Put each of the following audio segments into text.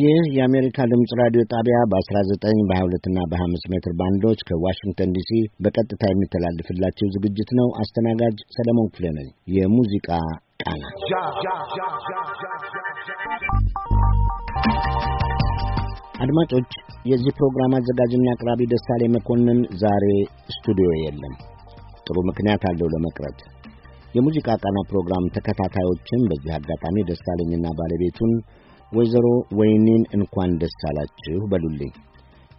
ይህ የአሜሪካ ድምፅ ራዲዮ ጣቢያ በ19 በ22 እና በ25 ሜትር ባንዶች ከዋሽንግተን ዲሲ በቀጥታ የሚተላልፍላቸው ዝግጅት ነው። አስተናጋጅ ሰለሞን ክፍሌ ነኝ። የሙዚቃ ቃና አድማጮች፣ የዚህ ፕሮግራም አዘጋጅና አቅራቢ ደሳሌ መኮንን ዛሬ ስቱዲዮ የለም። ጥሩ ምክንያት አለው ለመቅረት የሙዚቃ ቃና ፕሮግራም ተከታታዮችን በዚህ አጋጣሚ ደሳለኝና ባለቤቱን ወይዘሮ ወይኔን እንኳን ደስ አላችሁ በሉልኝ።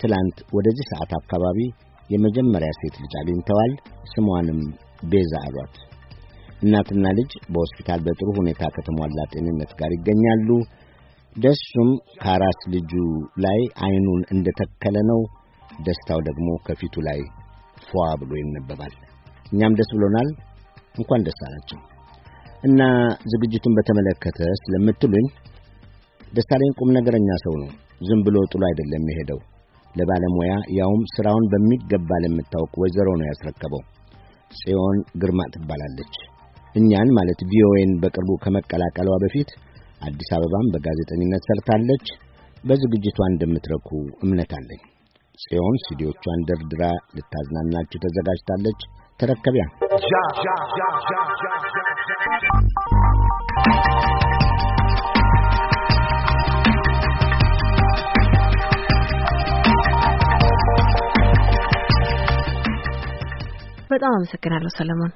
ትላንት ወደዚህ ሰዓት አካባቢ የመጀመሪያ ሴት ልጅ አግኝተዋል። ስሟንም ቤዛ አሏት። እናትና ልጅ በሆስፒታል በጥሩ ሁኔታ ከተሟላ ጤንነት ጋር ይገኛሉ። ደሱም ከአራስ ልጁ ላይ አይኑን እንደተከለ ነው። ደስታው ደግሞ ከፊቱ ላይ ፏ ብሎ ይነበባል። እኛም ደስ ብሎናል። እንኳን ደስ አላቸው እና ዝግጅቱን በተመለከተ ስለምትሉኝ ደሳለኝ ቁም ነገረኛ ሰው ነው። ዝም ብሎ ጥሎ አይደለም የሄደው። ለባለሙያ ያውም ስራውን በሚገባ ለምታውቅ ወይዘሮ ነው ያስረከበው። ጽዮን ግርማ ትባላለች። እኛን ማለት ቪኦኤን በቅርቡ ከመቀላቀሏ በፊት አዲስ አበባም በጋዜጠኝነት ሰርታለች። በዝግጅቷ እንደምትረኩ እምነት አለኝ። ጽዮን ሲዲዎቿን ደርድራ ልታዝናናችሁ ተዘጋጅታለች። ተረከቢያ በጣም አመሰግናለሁ ሰለሞን።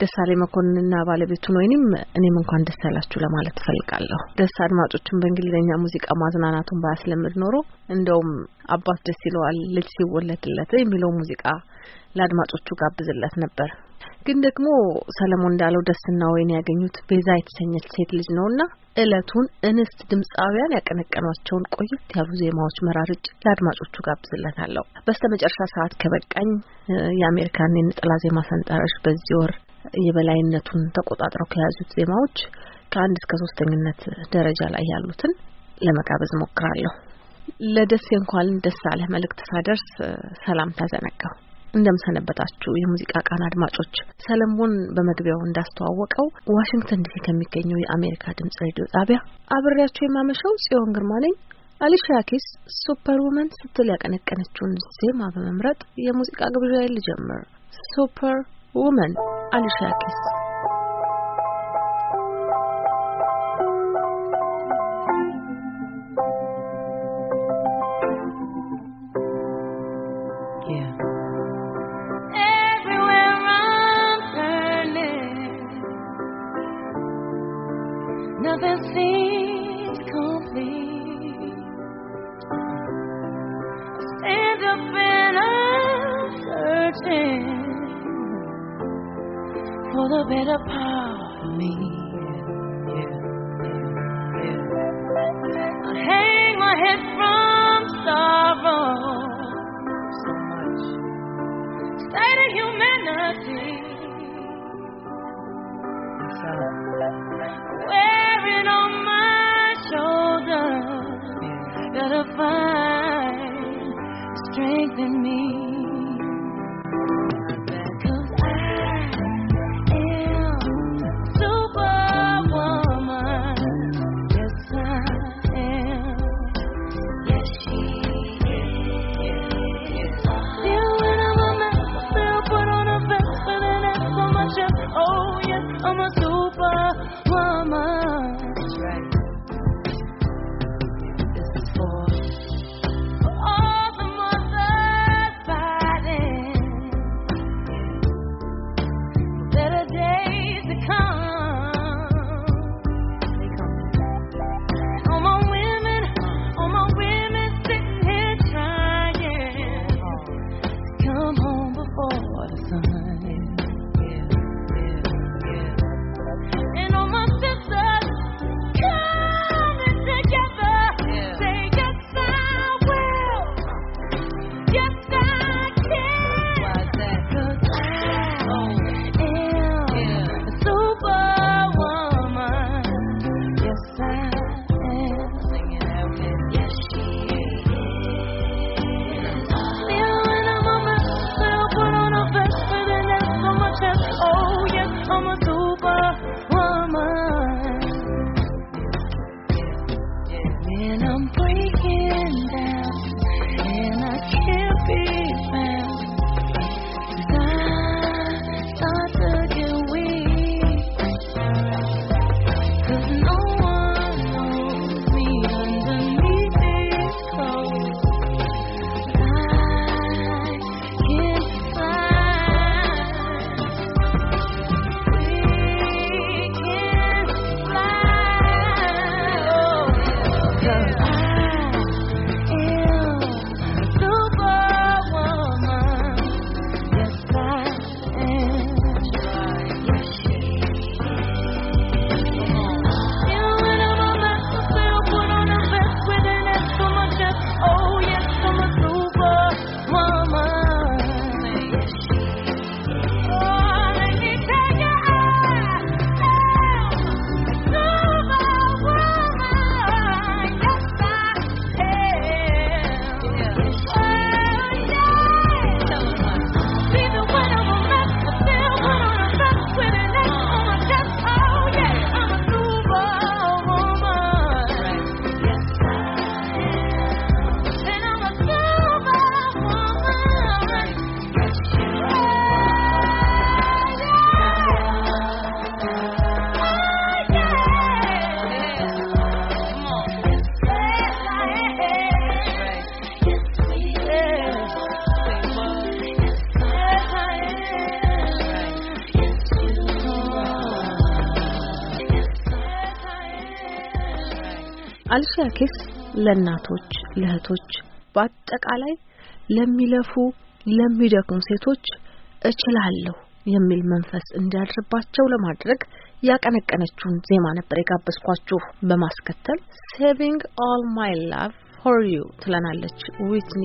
ደሳሌ መኮንንና ባለቤቱን ወይም እኔም እንኳን ደስ ያላችሁ ለማለት እፈልጋለሁ። ደስ አድማጮችን በእንግሊዝኛ ሙዚቃ ማዝናናቱን ባያስለምድ ኖሮ እንደውም አባት ደስ ይለዋል ልጅ ሲወለድለት የሚለው ሙዚቃ ለአድማጮቹ ጋብዝለት ነበር። ግን ደግሞ ሰለሞን እንዳለው ደስና ወይን ያገኙት ቤዛ የተሰኘች ሴት ልጅ ነውና እለቱን እንስት ድምፃውያን ያቀነቀኗቸውን ቆየት ያሉ ዜማዎች መራርጭ ለአድማጮቹ ጋብዝለታለሁ። በስተመጨረሻ ሰዓት ከበቃኝ የአሜሪካን የነጠላ ዜማ ሰንጠረዥ በዚህ ወር የበላይነቱን ተቆጣጥረው ከያዙት ዜማዎች ከአንድ እስከ ሶስተኝነት ደረጃ ላይ ያሉትን ለመጋበዝ ሞክራለሁ። ለደሴ እንኳን ደስ አለህ መልእክት ሳደርስ ሰላምታ ዘነጋው። እንደምሰነበታችሁ የሙዚቃ ቃና አድማጮች፣ ሰለሞን በመግቢያው እንዳስተዋወቀው ዋሽንግተን ዲሲ ከሚገኘው የአሜሪካ ድምጽ ሬዲዮ ጣቢያ አብሬያቸው የማመሸው ጽዮን ግርማ ነኝ። አሊሻ ኪስ ውመን ስትል ያቀነቀነችውን ዜማ በመምረጥ የሙዚቃ ግብዣዬን ልጀምር። ሱፐር ውመን አሊሻ ኪስ Nothing seems complete. I stand up and I'm searching for the better part of me. I hang my head from sorrow so much. State of humanity. In me. የሶፊያ ኬስ ለእናቶች፣ ለእህቶች፣ በአጠቃላይ ለሚለፉ ለሚደክሙ ሴቶች እችላለሁ የሚል መንፈስ እንዲያድርባቸው ለማድረግ ያቀነቀነችውን ዜማ ነበር የጋበዝኳችሁ። በማስከተል ሴቪንግ ኦል ማይ ላቭ ፎር ዩ ትለናለች ዊትኒ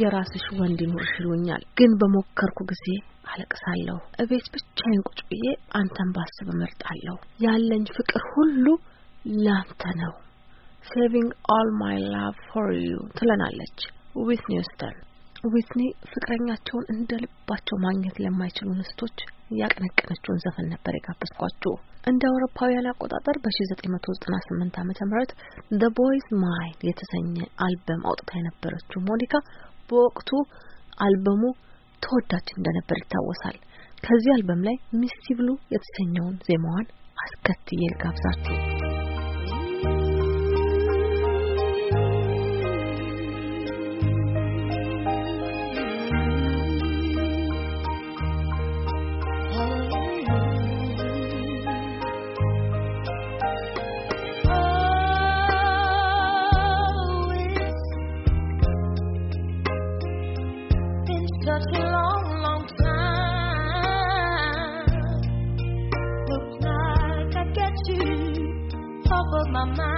የራስሽ ወንድ ይኑርሽ ይሉኛል፣ ግን በሞከርኩ ጊዜ አለቅሳለሁ። እቤት ብቻዬን ቁጭ ብዬ አንተን ባስብ እመርጣለሁ። ያለኝ ፍቅር ሁሉ ላንተ ነው። ሴቪንግ ኦል ማይ ላቭ ፎር ዩ ትለናለች ዊትኒ ሂውስተን። ዊትኒ ፍቅረኛቸውን እንደ ልባቸው ማግኘት ለማይችሉ ንስቶች ያቀነቀነችውን ዘፈን ነበር የጋበዝኳችሁ። እንደ አውሮፓውያን አቆጣጠር በ1998 ዓ.ም ዘ ቦይስ ማይን የተሰኘ አልበም አውጥታ የነበረችው ሞኒካ በወቅቱ አልበሙ ተወዳጅ እንደነበር ይታወሳል። ከዚህ አልበም ላይ ሚስቲ ብሉ የተሰኘውን ዜማዋን አስከትዬ ልጋብዛችሁ። my mind.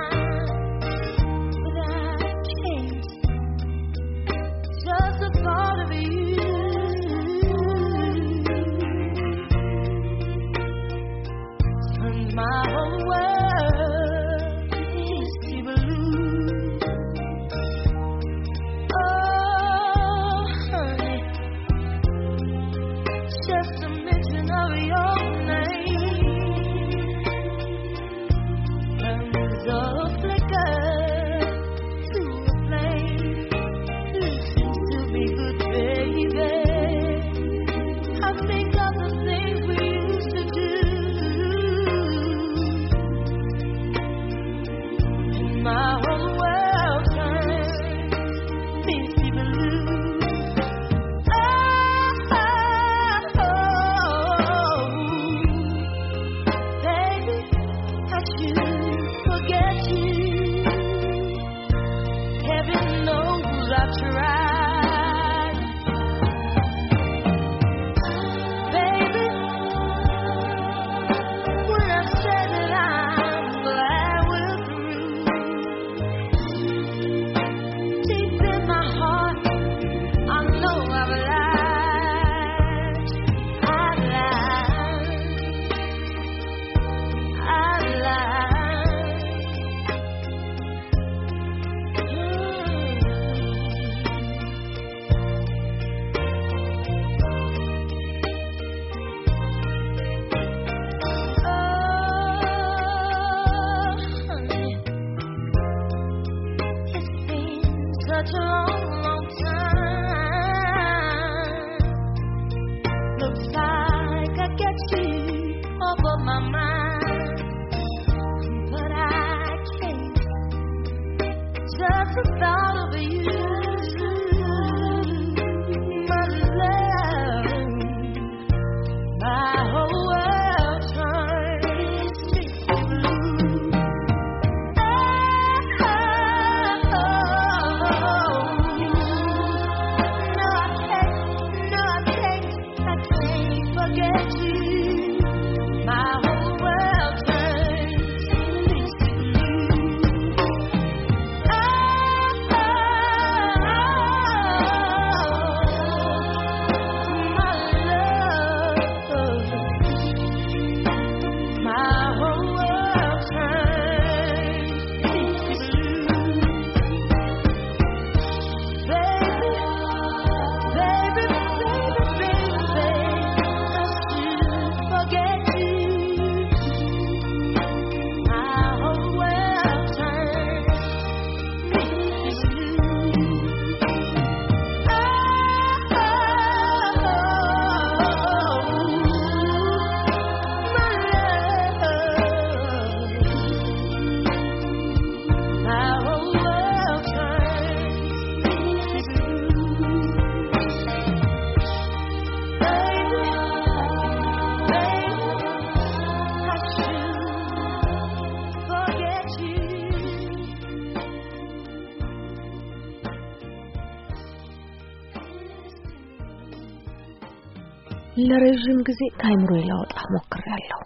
ለረዥም ጊዜ ከአይምሮ ላወጣ ሞክሬያለሁ፣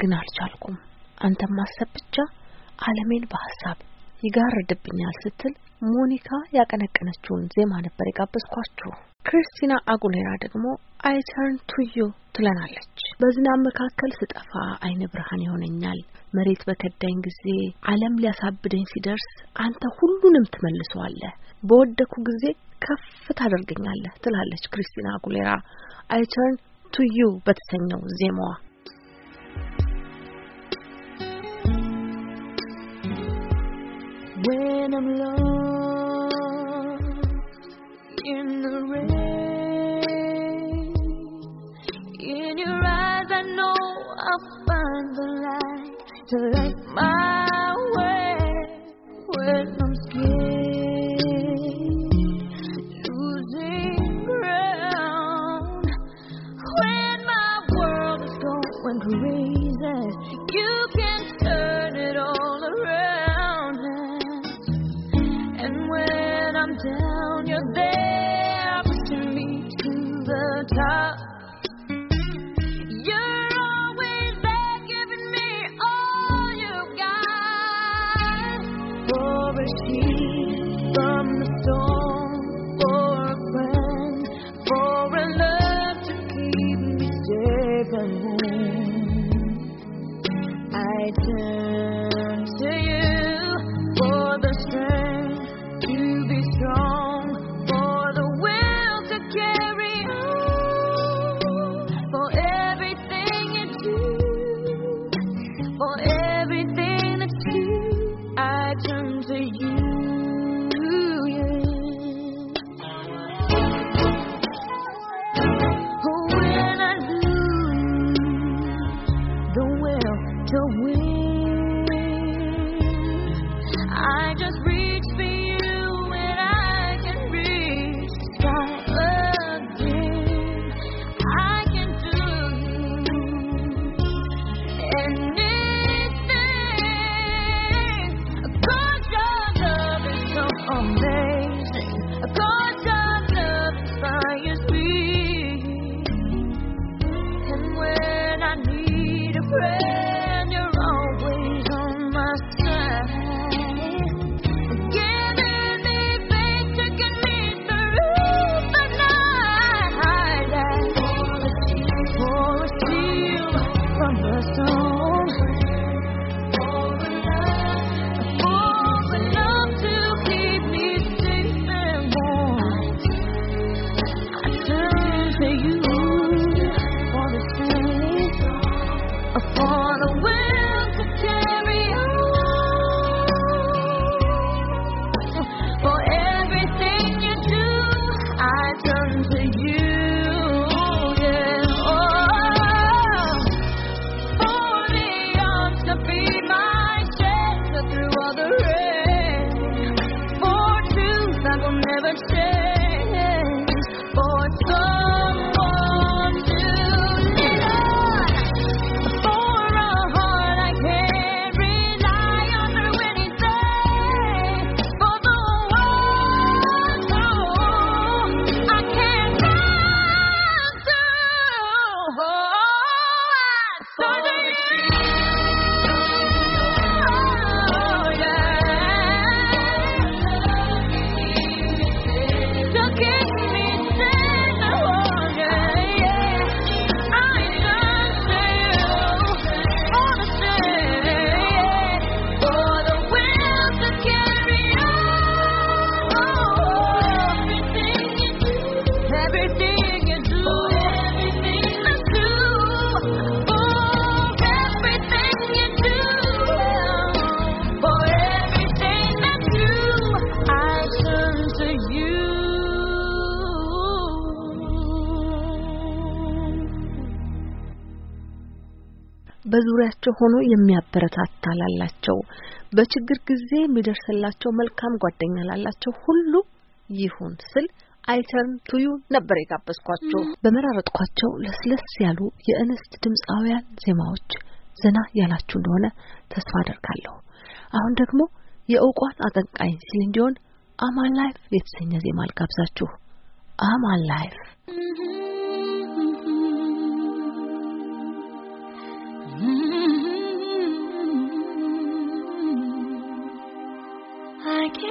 ግን አልቻልኩም። አንተም ማሰብ ብቻ ዓለሜን በሐሳብ ይጋርድብኛል ስትል ሞኒካ ያቀነቀነችውን ዜማ ነበር የጋበዝኳችሁ። ክርስቲና አጉሌራ ደግሞ አይ ተርን ቱ ዩ ትለናለች። በዝናብ መካከል ስጠፋ አይነ ብርሃን ይሆነኛል፣ መሬት በከዳኝ ጊዜ፣ ዓለም ሊያሳብደኝ ሲደርስ አንተ ሁሉንም ትመልሰዋለህ፣ በወደኩ ጊዜ ከፍ ታደርገኛለህ ትላለች ክርስቲና አጉሌራ። I turn አይ ተርን ቱ ዩ በተሰኘው ዜማዋ When I'm lost in the rain, in your eyes I know I'll find the light to light my way. When I turn. pray. በዙሪያቸው ሆኖ የሚያበረታታ ላላቸው፣ በችግር ጊዜ የሚደርስላቸው መልካም ጓደኛ ላላቸው ሁሉ ይሁን ስል አይተርን ቱዩ ነበር የጋበዝኳቸው። በመራረጥኳቸው ለስለስ ያሉ የእንስት ድምፃውያን ዜማዎች ዘና ያላችሁ እንደሆነ ተስፋ አደርጋለሁ። አሁን ደግሞ የእውቋን አቀንቃኝ ሲል እንዲሆን አማን ላይፍ የተሰኘ ዜማ አልጋብዛችሁ። አማን ላይፍ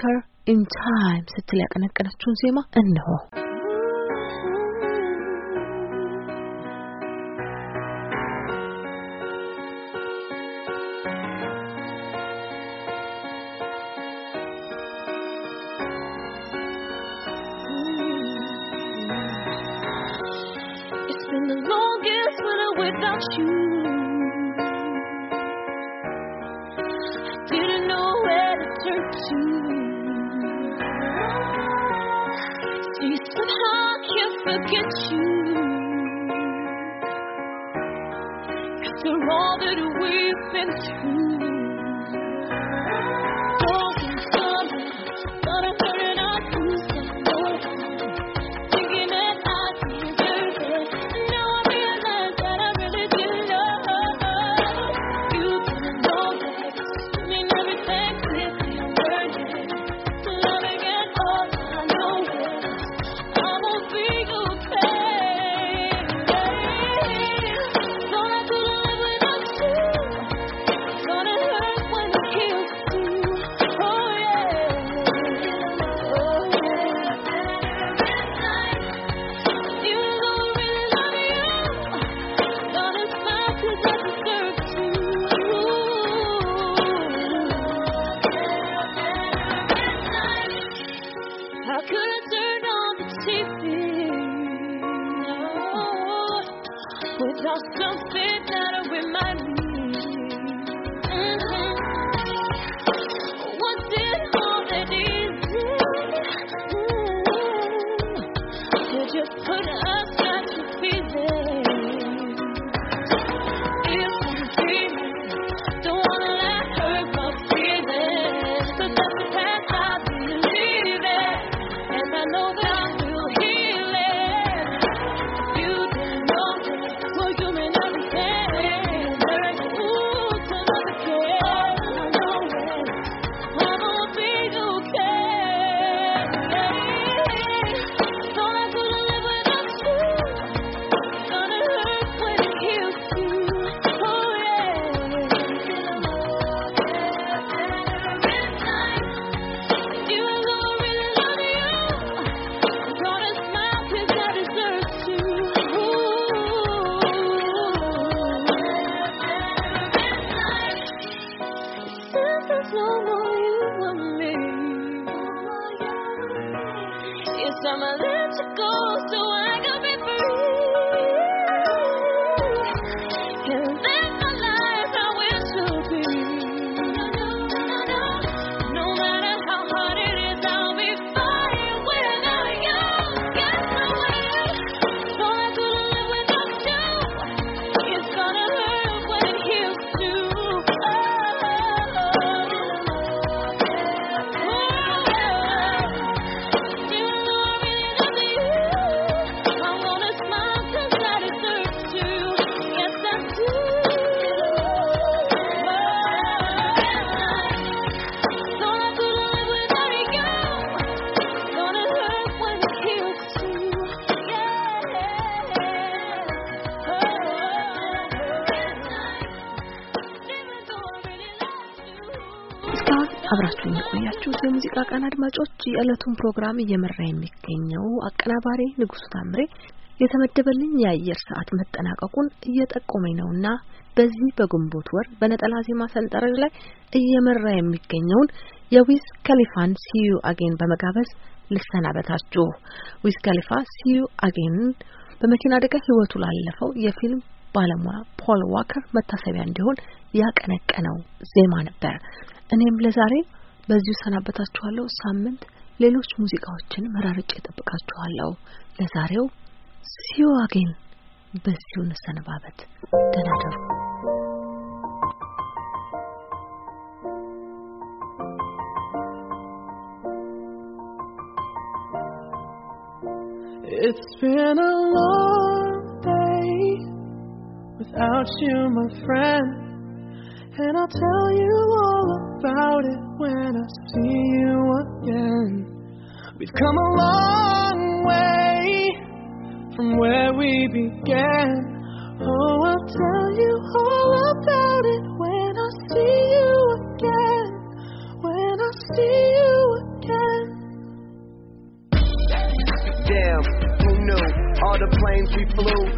ዊንተር ኢን ታይም ስትል ያቀነቀነችውን ዜማ እንሆ። It's been the longest without you. የዕለቱን ፕሮግራም እየመራ የሚገኘው አቀናባሪ ንጉሱ ታምሬ የተመደበልኝ የአየር ሰዓት መጠናቀቁን እየጠቆመኝ ነውና በዚህ በግንቦት ወር በነጠላ ዜማ ሰንጠረዥ ላይ እየመራ የሚገኘውን የዊዝ ከሊፋን ሲዩ አጌን በመጋበዝ ልሰናበታችሁ። ዊዝ ከሊፋ ሲዩ አጌን በመኪና አደጋ ሕይወቱ ላለፈው የፊልም ባለሙያ ፖል ዋከር መታሰቢያ እንዲሆን ያቀነቀነው ዜማ ነበር። እኔም ለዛሬ በዚሁ ሰናበታችኋለሁ። ሳምንት ሌሎች ሙዚቃዎችን መራርጬ እጠብቃችኋለሁ። ለዛሬው ሲዩ አጌን በዚሁ እንሰነባበት። ደህና ደሩ። It's been a long day without you, my friend. And I'll tell you all about it when I see you again. We've come a long way from where we began. Oh, I'll tell you all about it when I see you again. When I see you again. Damn, who knew all the planes we flew?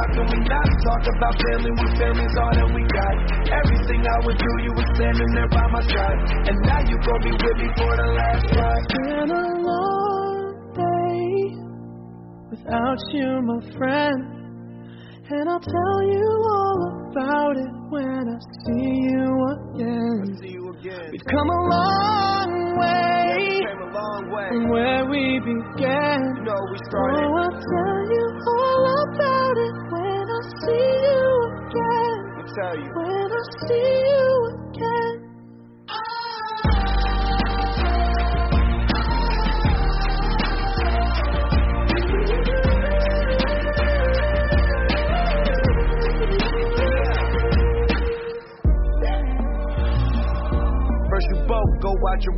How can we not talk about family when family's all that we got? Everything I would do, you were standing there by my side. And now you gonna be with me for the last ride. It's been a long day without you, my friend. And I'll tell you all about it when I see you again. See you again. We've come a long way from where we began. You know, we started. Oh, I'll tell you all about it see you again. I tell you. When I see you again.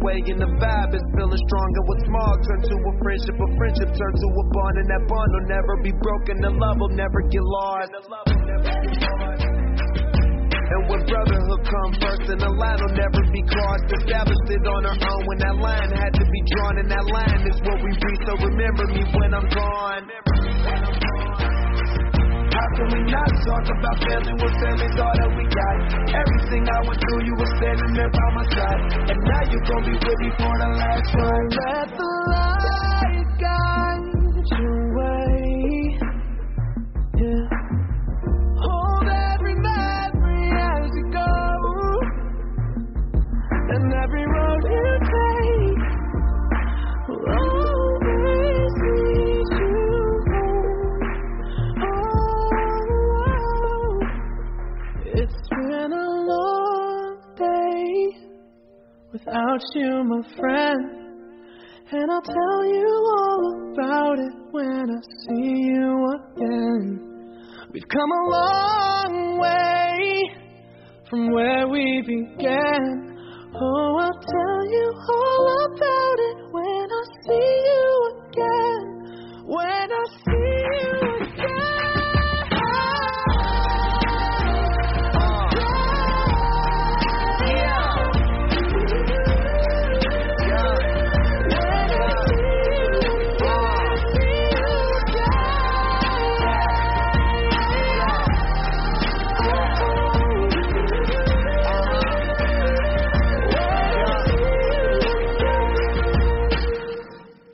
way, and the vibe is feeling stronger. what's small turn to a friendship, a friendship turn to a bond, and that bond will never be broken. The love will never get lost. And when brotherhood come first, and the line will never be crossed. Established it on our own when that line had to be drawn, and that line is what we reach. So remember me when I'm gone can we not talk about failing when failing's all that we got? Everything I went through, you were standing there by my side. And now you're gonna be with me for the last one. Let you, my friend. And I'll tell you all about it when I see you again. We've come a long way from where we began. Oh, I'll tell you all about it when I see